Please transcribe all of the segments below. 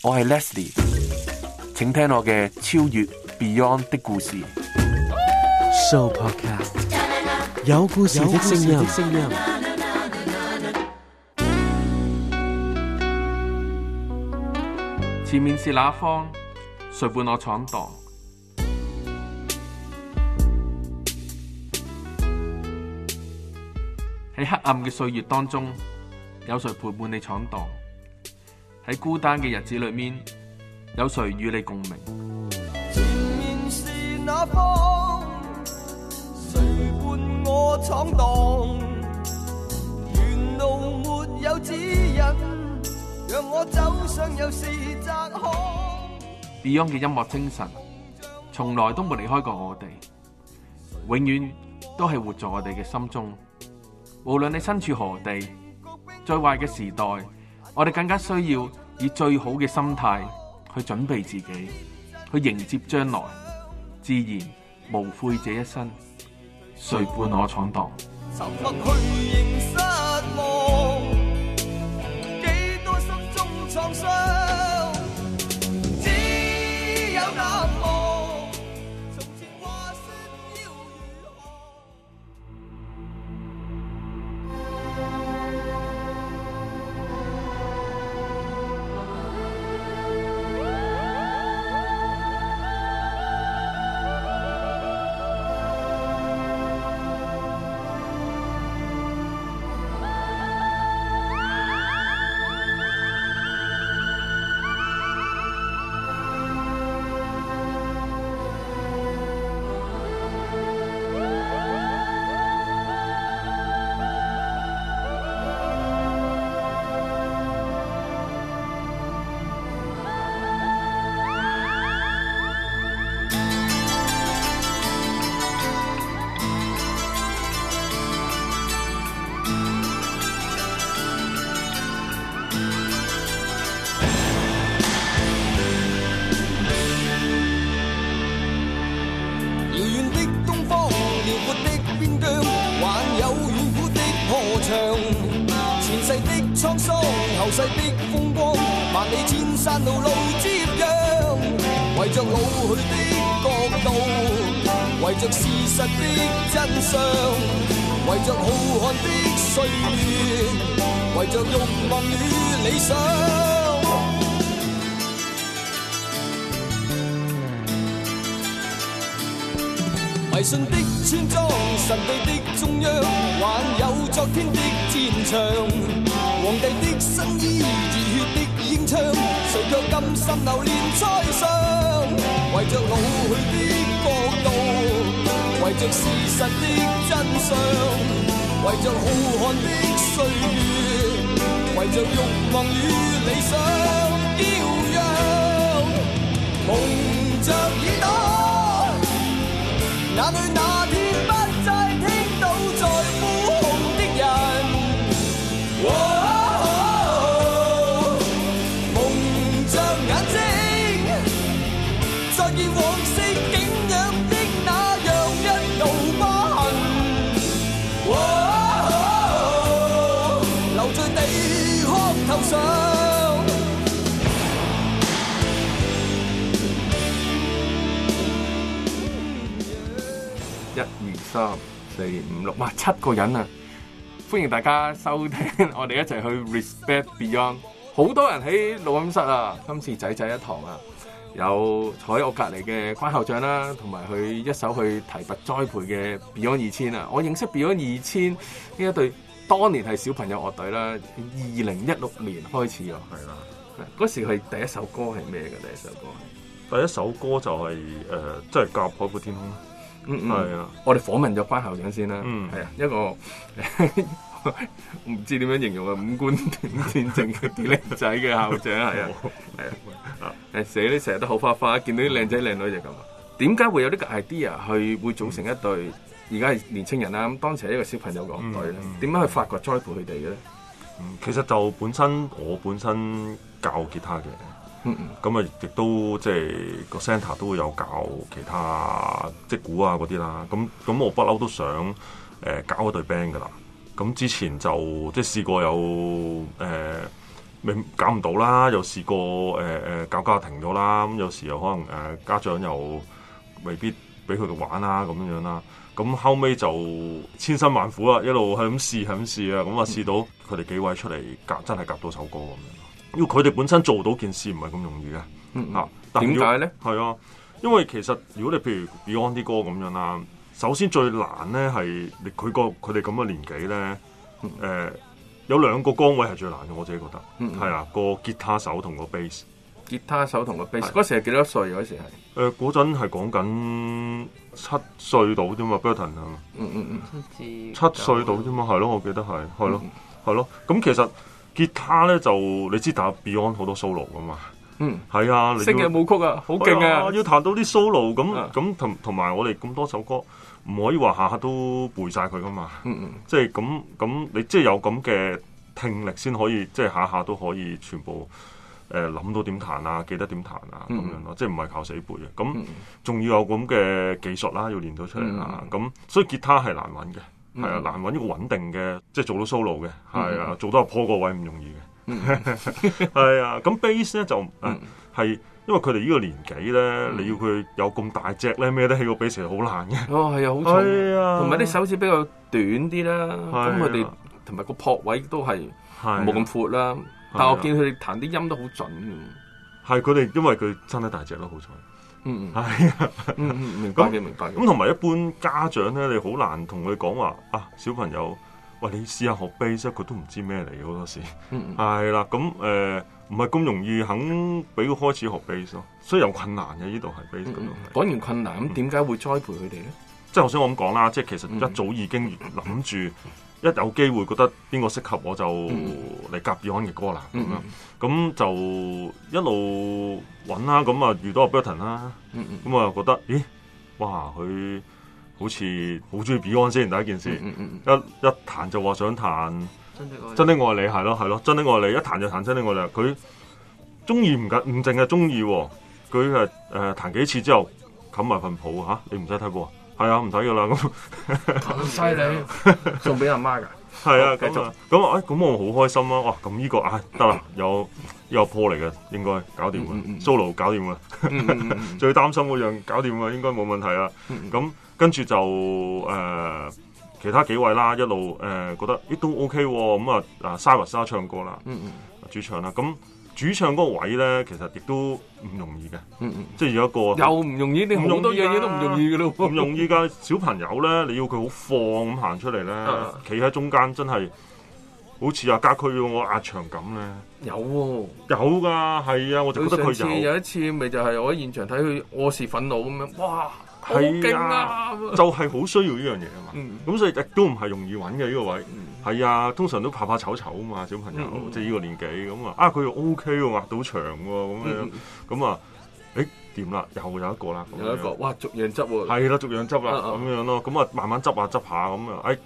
我係 Leslie，請聽我嘅超越 Beyond 的故事。Supercast 有故事的聲音。前面是哪方？誰伴我闖蕩？喺黑暗嘅歲月當中，有誰陪伴你闖蕩？喺孤單嘅日子裏面，有誰與你共鳴？前面是哪方，誰伴我闖蕩，沿路沒有指引，讓我走上又是窄巷。Beyond 嘅音樂精神，從來都冇離開過我哋，永遠都係活在我哋嘅心中。無論你身處何地，最壞嘅時代。我哋更加需要以最好嘅心態去準備自己，去迎接將來，自然無悔這一生。誰伴我闖蕩？滄桑，後世的風光，萬里千山路路接壤。圍着老去的國度，圍着事實的真相，圍着浩瀚的歲月，圍着欲望與理想。 迷信的村莊，神秘的中央，還有昨天的戰場。皇帝的新衣，熱血的英槍，誰卻甘心留戀哀傷？為着老去的國度，為着事實的真相，為着浩瀚的歲月，為着慾望與理想，驕揚，夢着耳朵，哪裏那天。三四五六哇，七個人啊！歡迎大家收聽，我哋一齊去 Respect Beyond。好多人喺錄音室啊，今次仔仔一堂啊，有坐喺我隔籬嘅關校長啦、啊，同埋佢一手去提拔栽培嘅 Beyond 二千啊！我認識 Beyond 二千呢一隊，當年係小朋友樂隊啦，二零一六年開始啊，係啦的，嗰、啊、時佢第一首歌係咩嘅？第一首歌，第一首歌就係、是、誒，即、呃、係《甲海闊天空》。係啊， 的我哋訪問咗班校長先啦，係啊、嗯，的一個唔 知點樣形容啊，五官端正嘅啲靚仔嘅校長係啊，係啊， 誒死你成日都口花花，見到啲靚仔靚女就咁啊，點解會有呢個 idea 去會組成一對？而家係年青人啦，咁當時係一個小朋友樂隊咧，點樣、嗯嗯、去發掘栽培佢哋嘅咧？其實就本身我本身教的吉他嘅。咁啊，亦、嗯嗯、都即係個 centre 都會有教其他即係鼓啊嗰啲啦。咁咁我不嬲都想誒、呃、搞一隊 band 噶啦。咁之前就即係試過有誒，咪、呃、搞唔到啦。又試過誒誒、呃、搞家庭咗啦。咁有時又可能誒、呃、家長又未必俾佢哋玩啦咁樣樣啦。咁後尾就千辛萬苦啊，一路係咁試係咁試啊。咁啊試到佢哋幾位出嚟夾真係夾到首歌咁樣。要佢哋本身做到件事唔係咁容易嘅，嗱點解咧？係啊，為因為其實如果你譬如 Beyond 啲歌咁樣啦、啊，首先最難咧係你佢個佢哋咁嘅年紀咧，誒、嗯嗯呃、有兩個崗位係最難嘅，我自己覺得係啦，嗯嗯係啊，個吉他手同個 bass。吉他手同個 bass 嗰、啊、時係幾多歲、啊？嗰時係誒，嗰陣係講緊七歲到啫嘛，Burton 係嘛？Burton，嗯嗯嗯，七歲到啫嘛，係咯歲，我記得係係咯係咯，咁、嗯嗯、其實。吉他咧就你知打 Beyond 好多 solo 噶嘛，嗯，係啊，你升嘅舞曲啊，好勁啊，哎、要彈到啲 solo 咁咁同同埋我哋咁多首歌，唔可以話下下都背晒佢噶嘛，即係咁咁你即係、就是、有咁嘅聽力先可以即係下下都可以全部誒諗、呃、到點彈啊，記得點彈啊咁、嗯嗯、樣咯，即係唔係靠死背嘅，咁仲、嗯嗯、要有咁嘅技術啦，要練到出嚟、嗯、啊，咁所以吉他係難揾嘅。係啊，難揾一個穩定嘅，即係做到 solo 嘅，係啊，做到鋪個位唔容易嘅，係啊。咁 bass 咧就係因為佢哋呢個年紀咧，你要佢有咁大隻咧，孭得起個 bass 好難嘅。哦，係啊，好粗，係啊，同埋啲手指比較短啲啦。咁佢哋同埋個撲位都係冇咁闊啦。但我見佢哋彈啲音都好準。係佢哋因為佢生得大隻咯，好彩。嗯，係、嗯、啊、嗯，明白嘅 那明白嘅，咁同埋一般家長咧，你好難同佢講話啊，小朋友，喂，你試下學 base，佢都唔知咩嚟嘅好多時。嗯，係啦， 咁誒，唔係咁容易肯俾佢開始學 base 咯，所以有困難嘅呢度係 base、嗯。講、嗯、完困難，咁點解會栽培佢哋咧？即係頭先我咁講啦，即、就、係、是、其實一早已經諗住。嗯嗯一有機會覺得邊個適合我就嚟夾 Beyond 嘅歌啦，咁樣咁就一路揾啦。咁啊遇到阿 Burton 啦，咁啊、嗯嗯、覺得咦，哇佢好似好中意 Beyond 先第一件事，嗯嗯嗯、一一彈就話想彈，真的愛你，的愛你係咯係咯，真的愛你一彈就彈真的愛你。佢中意唔緊唔淨係中意，佢係誒彈幾次之後冚埋份譜吓、啊，你唔使睇過係啊，唔睇噶啦咁，犀利，仲俾阿媽㗎。係啊，繼續。咁啊、嗯，咁、欸、我好開心啦、啊。哇，咁呢、呢個啊得啦，有有個破嚟嘅，應該搞掂啦。嗯嗯 Solo 搞掂啦，嗯嗯嗯最擔心嗰樣搞掂啦，應該冇問題啊。咁跟住就誒、呃、其他幾位啦，一路誒、呃、覺得咦、欸，都 OK 喎。咁啊，啊沙華沙唱歌啦，嗯嗯，主、啊、唱啦，咁。主唱嗰個位咧，其實亦都唔容易嘅，嗯嗯、即係有一個很又唔容易，唔唔容易嘅你唔用好多樣嘢都唔容易嘅咯。咁用依家小朋友咧，你要佢好放咁行出嚟咧，企喺、啊、中間真係好似阿家駒要我壓場咁咧。有喎、哦，有噶，係啊，我就覺得佢有。次有一次，咪就係我喺現場睇佢我是憤怒咁樣，哇，係的好驚啊！就係好需要呢樣嘢啊嘛。咁、嗯、所以亦都唔係容易揾嘅呢個位。嗯係啊，通常都怕怕丑醜啊嘛，小朋友、嗯、即係呢個年紀咁啊，啊佢又 O K 喎，握到長喎，咁樣咁啊，誒掂啦，又有一個啦，有一個，樣哇逐、啊、樣執喎，係啦，逐樣執啦，咁樣咯，咁啊慢慢執下執下咁啊，誒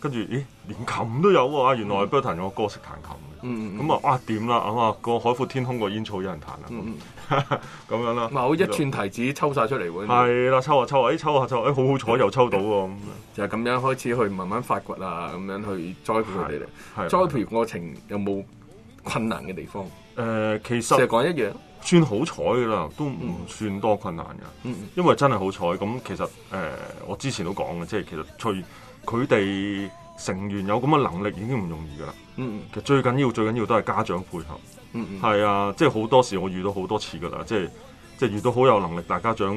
跟住，咦、欸欸、連琴都有喎、嗯嗯，啊原來 Barton 個歌識彈琴，咁啊哇掂啦，啊嘛個海闊天空個煙草有人彈啊。嗯咁 樣咯吧，某一串提子抽晒出嚟喎，係啦裡，抽下抽啊，哎、啊，抽下、啊、抽、啊，哎、欸，好好彩又抽到喎，咁樣就係咁樣開始去慢慢發掘啊，咁樣去栽培佢哋嚟，栽培過程有冇困難嘅地方？誒、呃，其實成日講一樣，算好彩噶啦，都唔算多困難噶，嗯嗯、因為真係好彩。咁其實誒、呃，我之前都講嘅，即係其實隨佢哋成員有咁嘅能力，已經唔容易噶啦。嗯嗯、其實最緊要、最緊要都係家長配合。嗯，係、嗯、啊，即係好多時我遇到好多次噶啦，即係即係遇到好有能力，大家長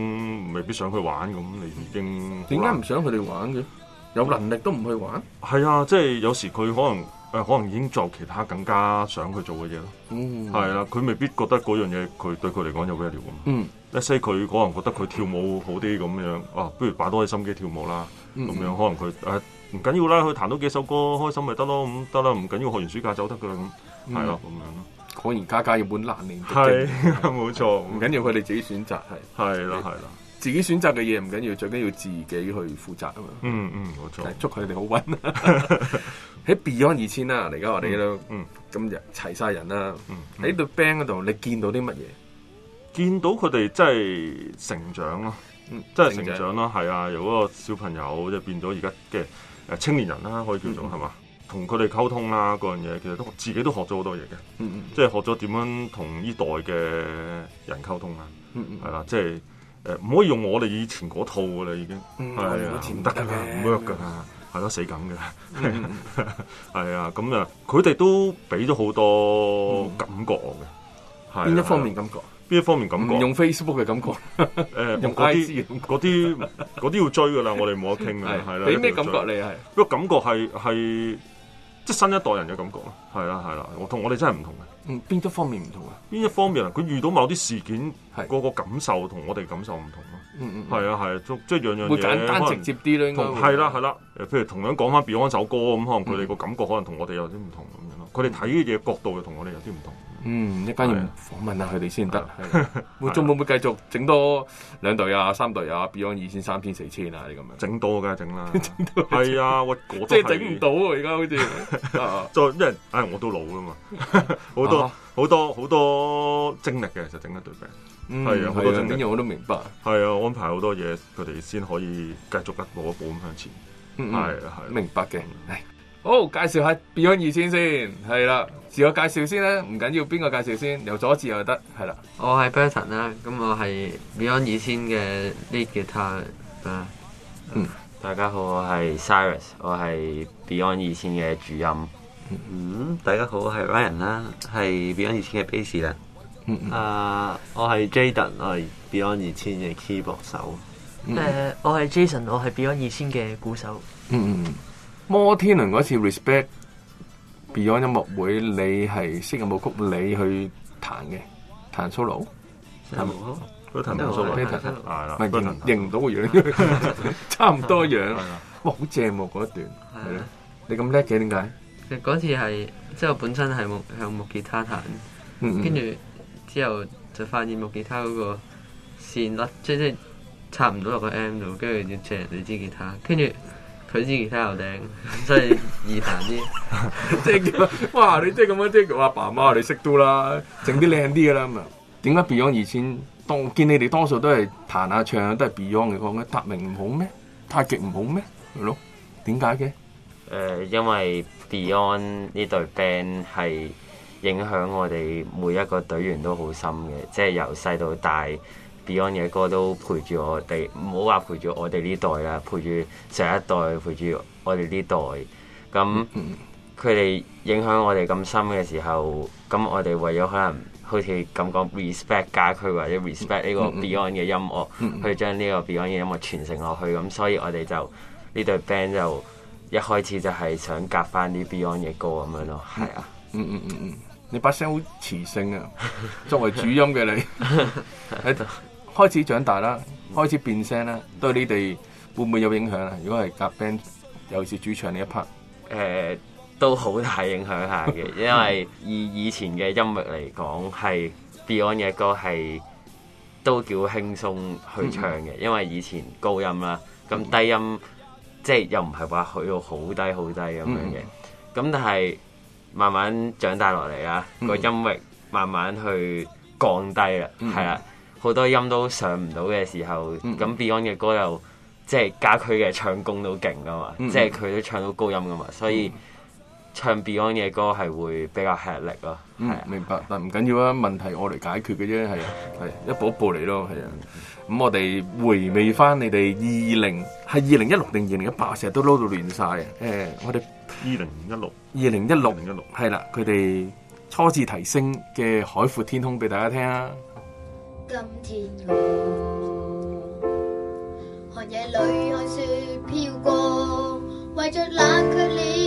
未必想去玩咁，你已經點解唔想佢哋玩嘅？有能力都唔去玩？係、嗯、啊，即係有時佢可能誒、呃，可能已經做其他更加想去做嘅嘢咯。嗯，係啦、啊，佢未必覺得嗰樣嘢佢對佢嚟講有咩料㗎一嗯，佢可能覺得佢跳舞好啲咁樣，啊，不如擺多啲心機跳舞啦。咁、嗯、樣可能佢誒唔緊要啦，佢彈到幾首歌開心咪得咯，咁得啦，唔緊要學完暑假就得㗎咁，係咯，咁、嗯啊、樣咯。果然家家有本難念的經，係冇錯，唔緊要，佢哋自己選擇係，係啦係啦，自己選擇嘅嘢，唔緊要，最緊要自己去負責啊嘛，嗯嗯，冇錯，祝佢哋好運，喺 Beyond 二千啦，嚟，家我哋都，嗯，咁日齊晒人啦，喺對 band 嗰度你見到啲乜嘢？見到佢哋真係成長咯，嗯，即係成長咯，係啊，由嗰個小朋友就變咗而家嘅誒青年人啦，可以叫做係嘛。同佢哋溝通啦，嗰樣嘢其實都自己都學咗好多嘢嘅，即係學咗點樣同呢代嘅人溝通啊，係啦，即係誒唔可以用我哋以前嗰套噶啦，已經係唔得嘅，work 嘅係咯死梗嘅，係啊，咁啊，佢哋都俾咗好多感覺我嘅，邊一方面感覺？邊一方面感覺？用 Facebook 嘅感覺，誒用嗰啲嗰啲嗰啲要追噶啦，我哋冇得傾嘅，係啦，俾咩感覺你係，不過感覺係係。即係新一代人嘅感覺咯，係啦係啦，我同我哋真係唔同嘅，嗯。嗯，邊一方面唔同啊？邊一方面啊？佢遇到某啲事件，係個個感受同我哋感受唔同咯。嗯嗯，係啊係，即係樣樣嘢會簡單能直接啲咯。應該係啦係啦，誒、啊啊，譬如同樣講翻 Beyond 首歌咁，可能佢哋個感覺可能同我哋有啲唔同咁樣咯。佢哋睇嘅嘢角度又同我哋有啲唔同。嗯嗯。嗯，一陣要訪問下佢哋先得。會仲會唔會繼續整多兩隊啊、三隊啊？Beyond 二千、三千、四千啊啲咁樣，整多噶整啦，整係啊，我即係整唔到啊！而家好似再因為，唉，我都老啦嘛，好多好多好多精力嘅，就整一隊兵，係啊，好多精力。我都明白，係啊，安排好多嘢，佢哋先可以繼續一步一步咁向前。係，係明白嘅。好，介紹下 Beyond 二千先，係啦，自我介紹先啦，唔緊要邊個介紹先，由左至右就得，係啦、uh，嗯。我係 Barton 啦，咁我係 Beyond 二千嘅 lead guitar 啊。嗯，大家好，我係 Cyrus，我係 Beyond 二千嘅主音。嗯，大家好，我係 Ryan 啦，係 Beyond 二千嘅 bass 啦。啊，我係 Jaden，我係 Beyond 二千嘅 keyboard 手。誒，我係 Jason，我係 Beyond 二千嘅鼓手。嗯嗯。嗯摩天輪嗰次 Respect Beyond 音樂會，你係識有冇曲你去彈嘅，彈 solo，係咯，都彈唔到，都彈唔到，係啦，唔係認唔到個樣，差唔多樣，哇，好正喎嗰一段，係啊，你咁叻嘅點解？佢嗰次係即係本身係木向木吉他彈，嗯，跟住之後就發現木吉他嗰個線甩，即即插唔到落個 M 度，跟住要借人哋支吉他，跟住。佢知其他又頂，所以易彈啲。即係 哇，你即係咁樣，即係我阿爸阿媽，你識到啦，整啲靚啲嘅啦。咁啊， 點解 Beyond 以前當見你哋多數都係彈下唱啊，都係 Beyond 嘅歌？咩？達明唔好咩？太極唔好咩？係咯，點解嘅？誒、呃，因為 Beyond 呢隊 band 係影響我哋每一個隊員都好深嘅，即係由細到大。Beyond 嘅歌都陪住我哋，唔好話陪住我哋呢代啦，陪住上一代，陪住我哋呢代。咁佢哋影響我哋咁深嘅時候，咁我哋為咗可能好似咁講 respect 家鄉或者 respect 呢個 Beyond 嘅音樂，嗯嗯嗯、去將呢個 Beyond 嘅音樂傳承落去。咁所以我哋就呢隊 band 就一開始就係想夾翻啲 Beyond 嘅歌咁樣咯。係啊，嗯嗯嗯嗯，你把聲好磁性啊， 作為主音嘅你喺度。 開始長大啦，開始變聲啦，對你哋會唔會有影響啊？如果係夾 band，尤其是主唱呢一 part，誒、呃、都好大影響下嘅， 因為以以前嘅音域嚟講，係 Beyond 嘅歌係都叫輕鬆去唱嘅，嗯、因為以前高音啦，咁低音、嗯、即係又唔係話去到好低好低咁樣嘅，咁、嗯、但係慢慢長大落嚟啊，個、嗯、音域慢慢去降低啦，係啦、嗯。好多音都上唔到嘅時候，咁、嗯、Beyond 嘅歌又即係家駒嘅唱功都勁噶嘛，即係佢都唱到高音噶嘛，所以唱 Beyond 嘅歌係會比較吃力咯。嗯啊、明白，啊、但唔緊要啊，問題我嚟解決嘅啫，係啊，係一步一步嚟咯，係啊。咁我哋回味翻你哋二零係二零一六定二零一八，成日都撈到亂晒。誒，我哋二零一六，二零一六，二零一六，係啦，佢哋初次提升嘅《海闊天空》俾大家聽啊。今天我，寒夜裡看雪飄過，懷着冷卻了。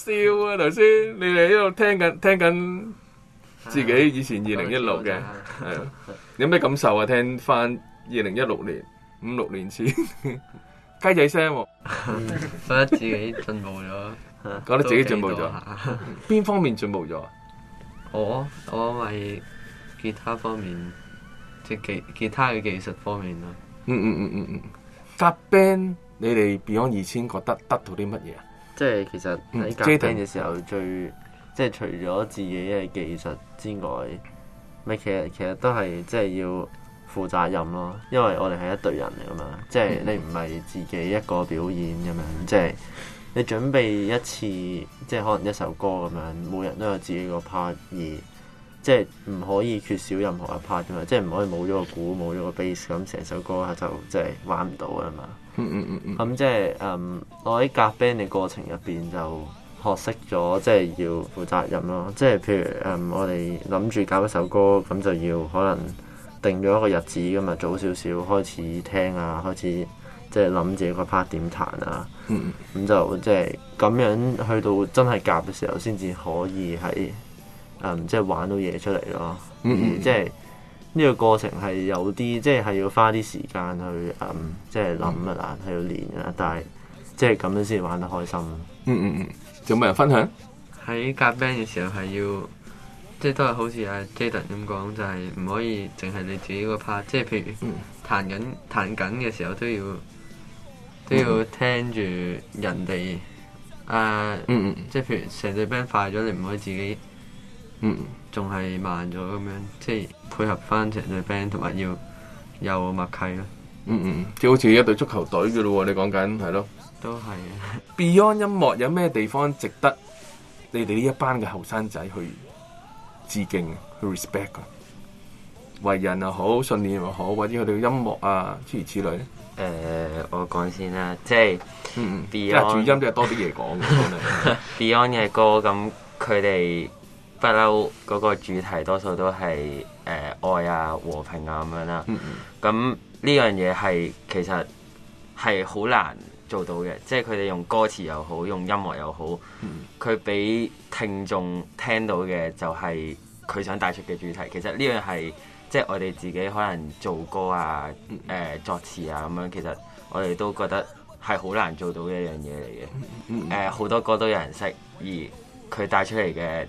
笑啊！頭先你哋喺度聽緊聽緊自己以前二零一六嘅係，啊、 有咩感受啊？聽翻二零一六年五六年前雞仔聲，覺得自己進步咗，啊、挺覺得自己進步咗，邊、啊、方面進步咗？我我係吉他方面即其吉，吉他嘅技術方面啦、嗯。嗯嗯嗯嗯嗯，夾、嗯嗯、band 你哋 Beyond 二千覺得得到啲乜嘢啊？即係其實，決定嘅時候最即係除咗自己嘅技術之外，咪其實其實都係即係要負責任咯。因為我哋係一隊人嚟噶嘛，即係你唔係自己一個表演咁樣，mm hmm. 即係你準備一次即係可能一首歌咁樣，每人都有自己個 part 而。即係唔可以缺少任何一 part 㗎嘛，即係唔可以冇咗個鼓、冇咗個 base 咁成首歌就即係玩唔到㗎嘛。咁、 嗯、即係嗯，我喺夾 band 嘅過程入邊就學識咗，即係要負責任咯。即係譬如嗯，我哋諗住搞一首歌，咁就要可能定咗一個日子咁啊，早少少開始聽啊，開始即係諗自己個 part 點彈啊。咁、 嗯、就即係咁樣去到真係夾嘅時候，先至可以喺。嗯、即係玩到嘢出嚟咯、嗯。嗯、即係呢個過程係有啲，即係係要花啲時間去，嗯、即係諗啊，係、嗯、要練啊。但係即係咁樣先玩得開心。嗯,嗯仲有冇人分享喺夾 band 嘅時候係要，即係都係好似阿 Jayden 咁講，就係、是、唔可以淨係你自己個 part。即係譬如彈緊彈緊嘅時候都要、嗯、都要聽住人哋。嗯、啊，嗯、即係譬如成隊 band 快咗，你唔可以自己。嗯，仲係慢咗咁樣，即係配合翻成對 band 同埋要有默契、嗯嗯、的咯。嗯嗯是，即好似一對足球隊嘅咯，你講緊係咯，都係。Beyond 音樂有咩地方值得你哋呢一班嘅後生仔去致敬去 respect 啊？為人又好，信念又好，或者佢哋嘅音樂啊，諸如此類，之類。誒、呃，我講先啦，即、就、係、是，嗯，Beyond 主音，都係多啲嘢講。Beyond 嘅歌咁，佢哋。不嬲嗰個主題多數都係誒、呃、愛啊、和平啊咁樣啦。咁呢、mm hmm. 樣嘢係其實係好難做到嘅，即係佢哋用歌詞又好，用音樂又好，佢俾、mm hmm. 聽眾聽到嘅就係佢想帶出嘅主題。其實呢樣係即係我哋自己可能做歌啊、誒、呃、作詞啊咁樣，其實我哋都覺得係好難做到嘅一樣嘢嚟嘅。誒好、mm hmm. 呃、多歌都有人識，而佢帶出嚟嘅。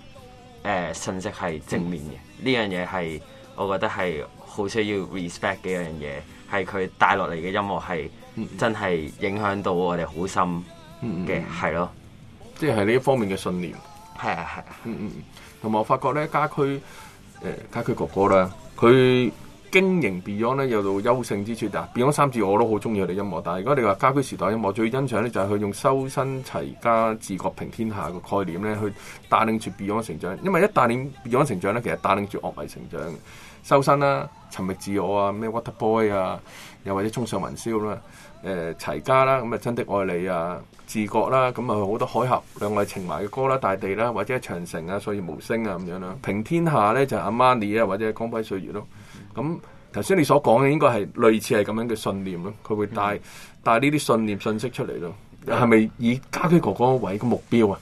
誒、呃、信息係正面嘅，呢樣嘢係我覺得係好需要 respect 嘅一樣嘢，係佢帶落嚟嘅音樂係、嗯、真係影響到我哋好深嘅，係、嗯、咯，即係呢一方面嘅信念，係啊係啊，嗯、啊、嗯，同、嗯、埋我發覺咧家駒誒、呃、家駒哥哥啦，佢。經營 Beyond 咧有到優勝之處，但 Beyond 三字我都好中意我哋音樂。但係如果你話家居時代音樂最欣賞咧，就係佢用修身齊家治國平天下嘅概念咧，去帶領住 Beyond 成長。因為一帶領 Beyond 成長咧，其實帶領住樂迷成長，修身啦、尋覓自我啊，咩 Water Boy 啊，又或者衝上雲霄啦、誒、呃、齊家啦，咁啊真的愛你啊、治國啦，咁啊好多海峽兩位情懷嘅歌啦、大地啦，或者長城啊、歲月無聲啊咁樣啦。平天下咧就 Amani 啊，或者光輝歲月咯。咁頭先你所講嘅應該係類似係咁樣嘅信念咯，佢會帶、嗯、帶呢啲信念信息出嚟咯。係咪、嗯、以家駒哥哥為嘅目標啊？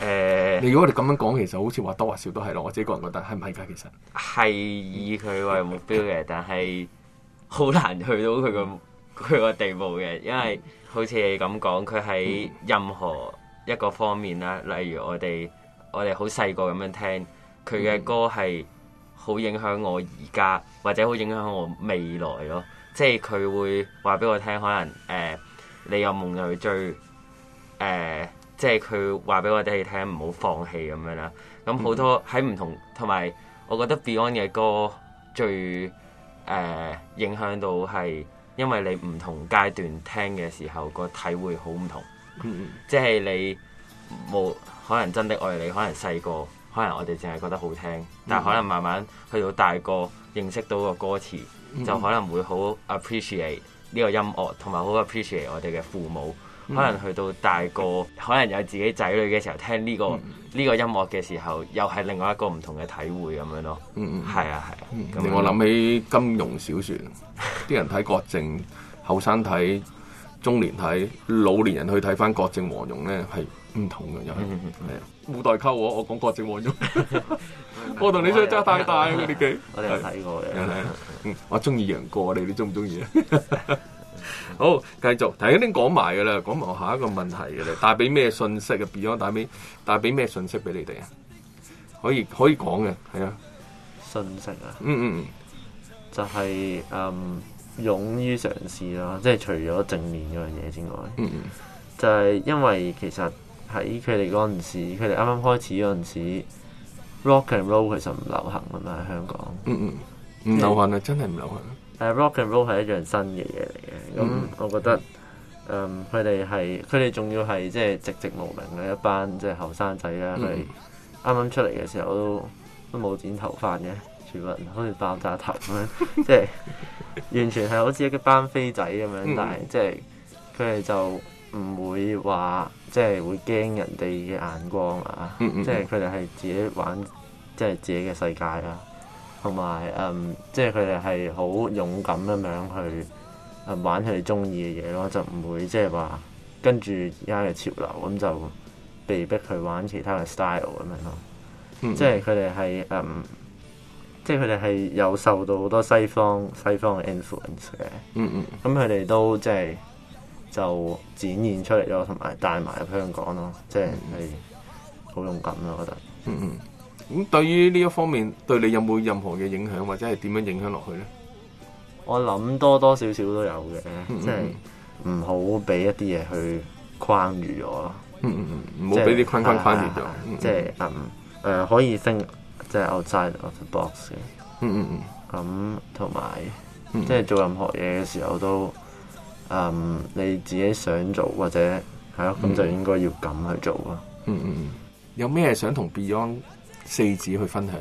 誒、嗯，如果我哋咁樣講，其實好似話多話少都係咯。我自己個人覺得係唔係㗎？其實係以佢為目標嘅，但係好難去到佢個佢個地步嘅，因為好似你咁講，佢喺任何一個方面啦，嗯、例如我哋我哋好細個咁樣聽佢嘅歌係。好影響我而家，或者好影響我未來咯。即係佢會話俾我聽，可能、呃、你有夢就去追。呃、即係佢話俾我哋聽，唔好放棄咁樣啦。咁好多喺唔同，同埋我覺得 Beyond 嘅歌最、呃、影響到係，因為你唔同階段聽嘅時候個體會好唔同。 即係你冇可能真的愛你，可能細個。可能我哋淨係覺得好聽，但係可能慢慢去到大個，嗯、認識到個歌詞，嗯、就可能會好 appreciate 呢個音樂，同埋好 appreciate 我哋嘅父母。嗯、可能去到大個，可能有自己仔女嘅時候聽呢、呢個呢、嗯、音樂嘅時候，又係另外一個唔同嘅體會咁樣咯。嗯嗯，係啊係啊。令、啊嗯、樣我諗起金庸小說啲 人睇郭靖，後生睇，中年睇，老年人去睇翻郭靖黃蓉呢。係。唔同嘅又冇代溝，我我講郭靖黃蓉，我同 你相差太大啊！你哋我哋有睇過嘅。我中意楊過，你哋中唔中意咧？好，繼續，頭先講埋嘅啦，講埋我下一個問題嘅啦，帶俾咩信息啊？Beyond 帶俾帶俾咩信息俾你哋啊？可以可以講嘅，係啊，信息啊、嗯，嗯、就是、嗯，就係嗯勇於嘗試囉，即係除咗正面嗰樣嘢之外，嗯嗯、就係因為其實。喺佢哋嗰陣時，佢哋啱啱開始嗰陣時，rock and roll 其實唔流行㗎嘛，香港。嗯嗯，唔流行啊，真係唔流行。誒、嗯、rock and roll 係一樣新嘅嘢嚟嘅。咁、嗯、我覺得，誒佢哋係佢哋仲要係即係籍籍無名嘅一班即係後生仔啦。佢哋啱啱出嚟嘅時候都都冇剪頭髮嘅，全部好似爆炸頭咁樣，即係、 即係、完全係好似一班飛仔咁樣。嗯、但係即係佢哋就唔、是、會話。即係會驚人哋嘅眼光啊！嗯嗯嗯、即係佢哋係自己玩，即係自己嘅世界啊。同埋嗯，即係佢哋係好勇敢咁樣去、嗯、玩佢哋中意嘅嘢咯，就唔會即係話跟住而家嘅潮流咁就被逼去玩其他嘅 style 咁樣咯、啊。嗯嗯即係佢哋係嗯，即係佢哋係有受到好多西方西方嘅 influence 嘅。嗯咁佢哋都即係。就展現出嚟咯，同埋帶埋入香港咯，即係你好勇敢咯，我覺得。嗯嗯。咁對於呢一方面，對你有冇任何嘅影響，或者係點樣影響落去咧？我諗多多少少都有嘅，即係唔好俾一啲嘢去框住咗咯。嗯嗯嗯，唔好俾啲框框框住咗。啊、嗯嗯即係嗯、um, uh, 可以升即係 outside of the box 嘅。嗯嗯嗯。咁同埋即係做任何嘢嘅時候都。嗯，um, 你自己想做或者係咯，咁、嗯、就應該要咁去做咯。嗯嗯嗯，有咩想同 Beyond 四子去分享？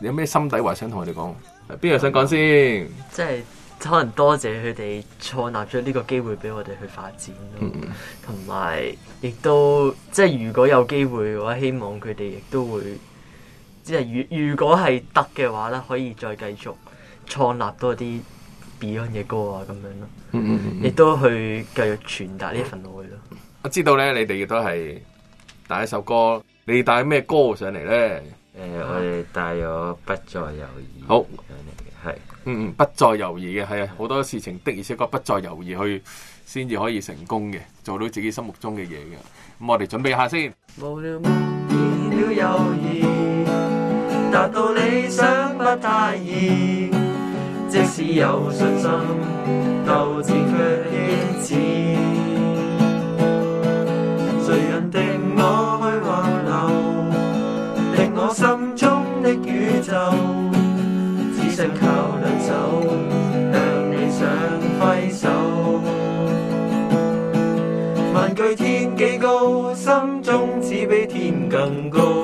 有咩心底話想同我哋講？邊個、嗯、想講先？即係、嗯就是、可能多謝佢哋創立咗呢個機會俾我哋去發展咯，同埋亦都即係、就是、如果有機會嘅話，我希望佢哋亦都會即係如如果係得嘅話咧，可以再繼續創立多啲 Beyond 嘅歌啊，咁樣咯。亦、嗯嗯嗯、都去繼續傳達呢一份愛咯。我知道咧，你哋亦都係帶一首歌，你哋帶咩歌上嚟咧？誒、呃，我哋帶咗不再猶豫，好上嚟嘅係，嗯嗯，不再猶豫嘅係啊，好多事情的而且確不再猶豫去，先至可以成功嘅，做到自己心目中嘅嘢嘅。咁我哋準備下先。無聊望見了猶豫，達到理想，不太易。即使有信心，鬥志卻抑止。誰人定我去或留？定我心中的宇宙，只想靠兩手向理想揮手。問句天幾高，心中志比天更高。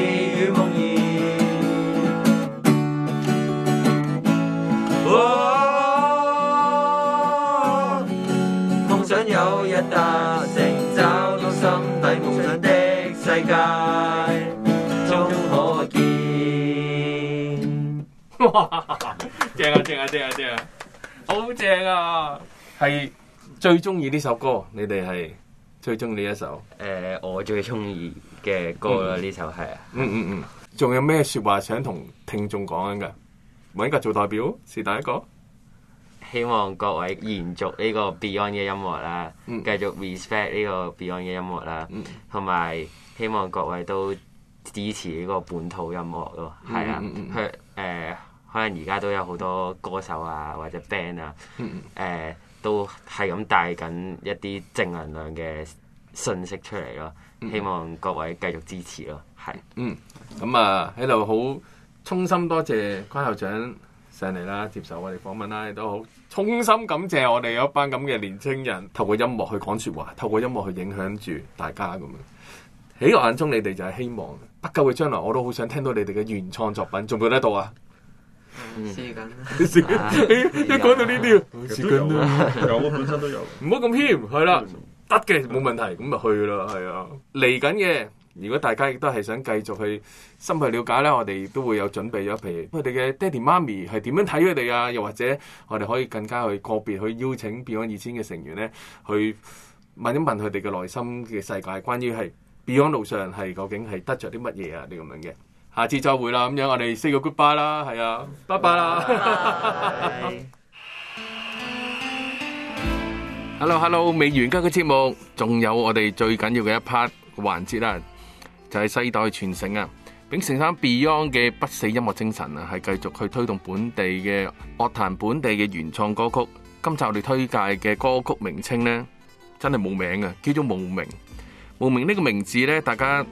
哇！正啊，正啊，正啊，正啊！好正啊！係最中意呢首歌，你哋係最中意呢一首。誒、呃，我最中意嘅歌啦，呢、嗯、首係啊、嗯。嗯嗯嗯，仲有咩說話想同聽眾講緊噶？搵一個做代表？是但一個。希望各位延續呢個 Beyond 嘅音樂啦，繼、嗯、續 respect 呢個 Beyond 嘅音樂啦，同埋、嗯、希望各位都支持呢個本土音樂咯。係、嗯、啊，嗯嗯、去誒。呃可能而家都有好多歌手啊，或者 band 啊，誒、嗯呃，都係咁帶緊一啲正能量嘅信息出嚟咯、啊。嗯、希望各位繼續支持咯、啊，係。嗯，咁啊喺度好衷心多謝關校長上嚟啦，接受我哋訪問啦，亦都好衷心感謝我哋嗰班咁嘅年青人，透過音樂去講說話，透過音樂去影響住大家咁樣。喺我眼中，你哋就係希望。不久嘅將來，我都好想聽到你哋嘅原創作品，仲見得到啊！試緊，你講、嗯嗯啊、 到呢、這、啲、個，試緊、嗯、有本身都有，唔好咁謙，係啦，得嘅冇問題，咁咪去啦，係啊，嚟緊嘅，如果大家亦都係想繼續去深入了解咧，我哋都會有準備咗，譬如佢哋嘅爹哋媽咪係點樣睇佢哋啊，又或者我哋可以更加去個別去邀請 Beyond 二千嘅成員咧，去問一問佢哋嘅內心嘅世界，關於係 Beyond 路上係究竟係得着啲乜嘢啊呢咁樣嘅。下次再會啦，咁樣我哋 say 個 goodbye 啦，係啊，拜拜啦。Hello，Hello，未完嘅個節目，仲有我哋最緊要嘅一 part 環節啦，就係世代傳承啊！秉承返 Beyond 嘅不死音樂精神啊，係繼續去推動本地嘅樂壇，本地嘅原創歌曲。今集我哋推介嘅歌曲名稱呢，真係冇名啊，叫做《無名》。無名呢個名字呢，大家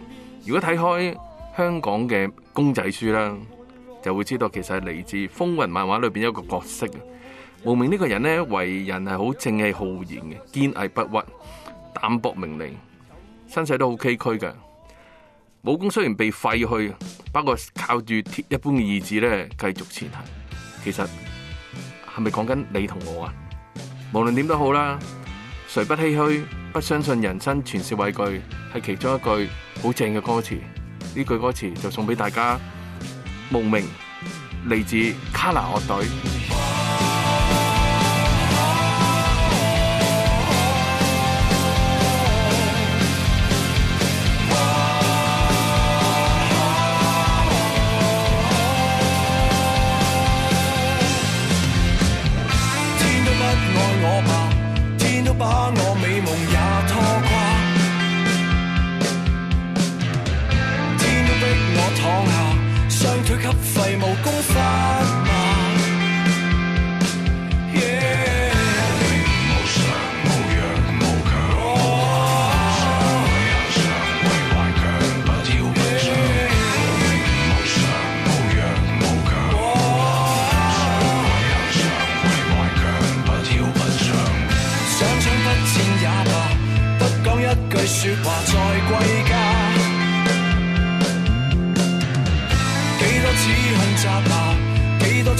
如果睇開。香港嘅公仔書啦，就會知道其實係嚟自《風雲》漫畫裏邊一個角色。無名呢個人呢，為人係好正氣浩然嘅，堅毅不屈，淡薄名利，身世都好崎嶇嘅。武功雖然被廢去，不過靠住鐵一般嘅意志咧，繼續前行。其實係咪講緊你同我啊？無論點都好啦，誰不唏噓？不相信人生全是畏懼，係其中一句好正嘅歌詞。呢句歌詞就送俾大家，無名，嚟自卡拉樂隊。天都不愛我吧，天都把我美夢也。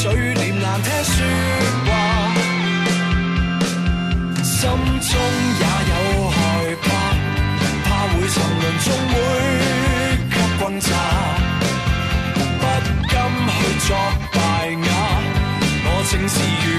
嘴臉難聽說話，心中也有害怕，人怕會沉淪，終會給觀察，不甘去作敗雅，我正是。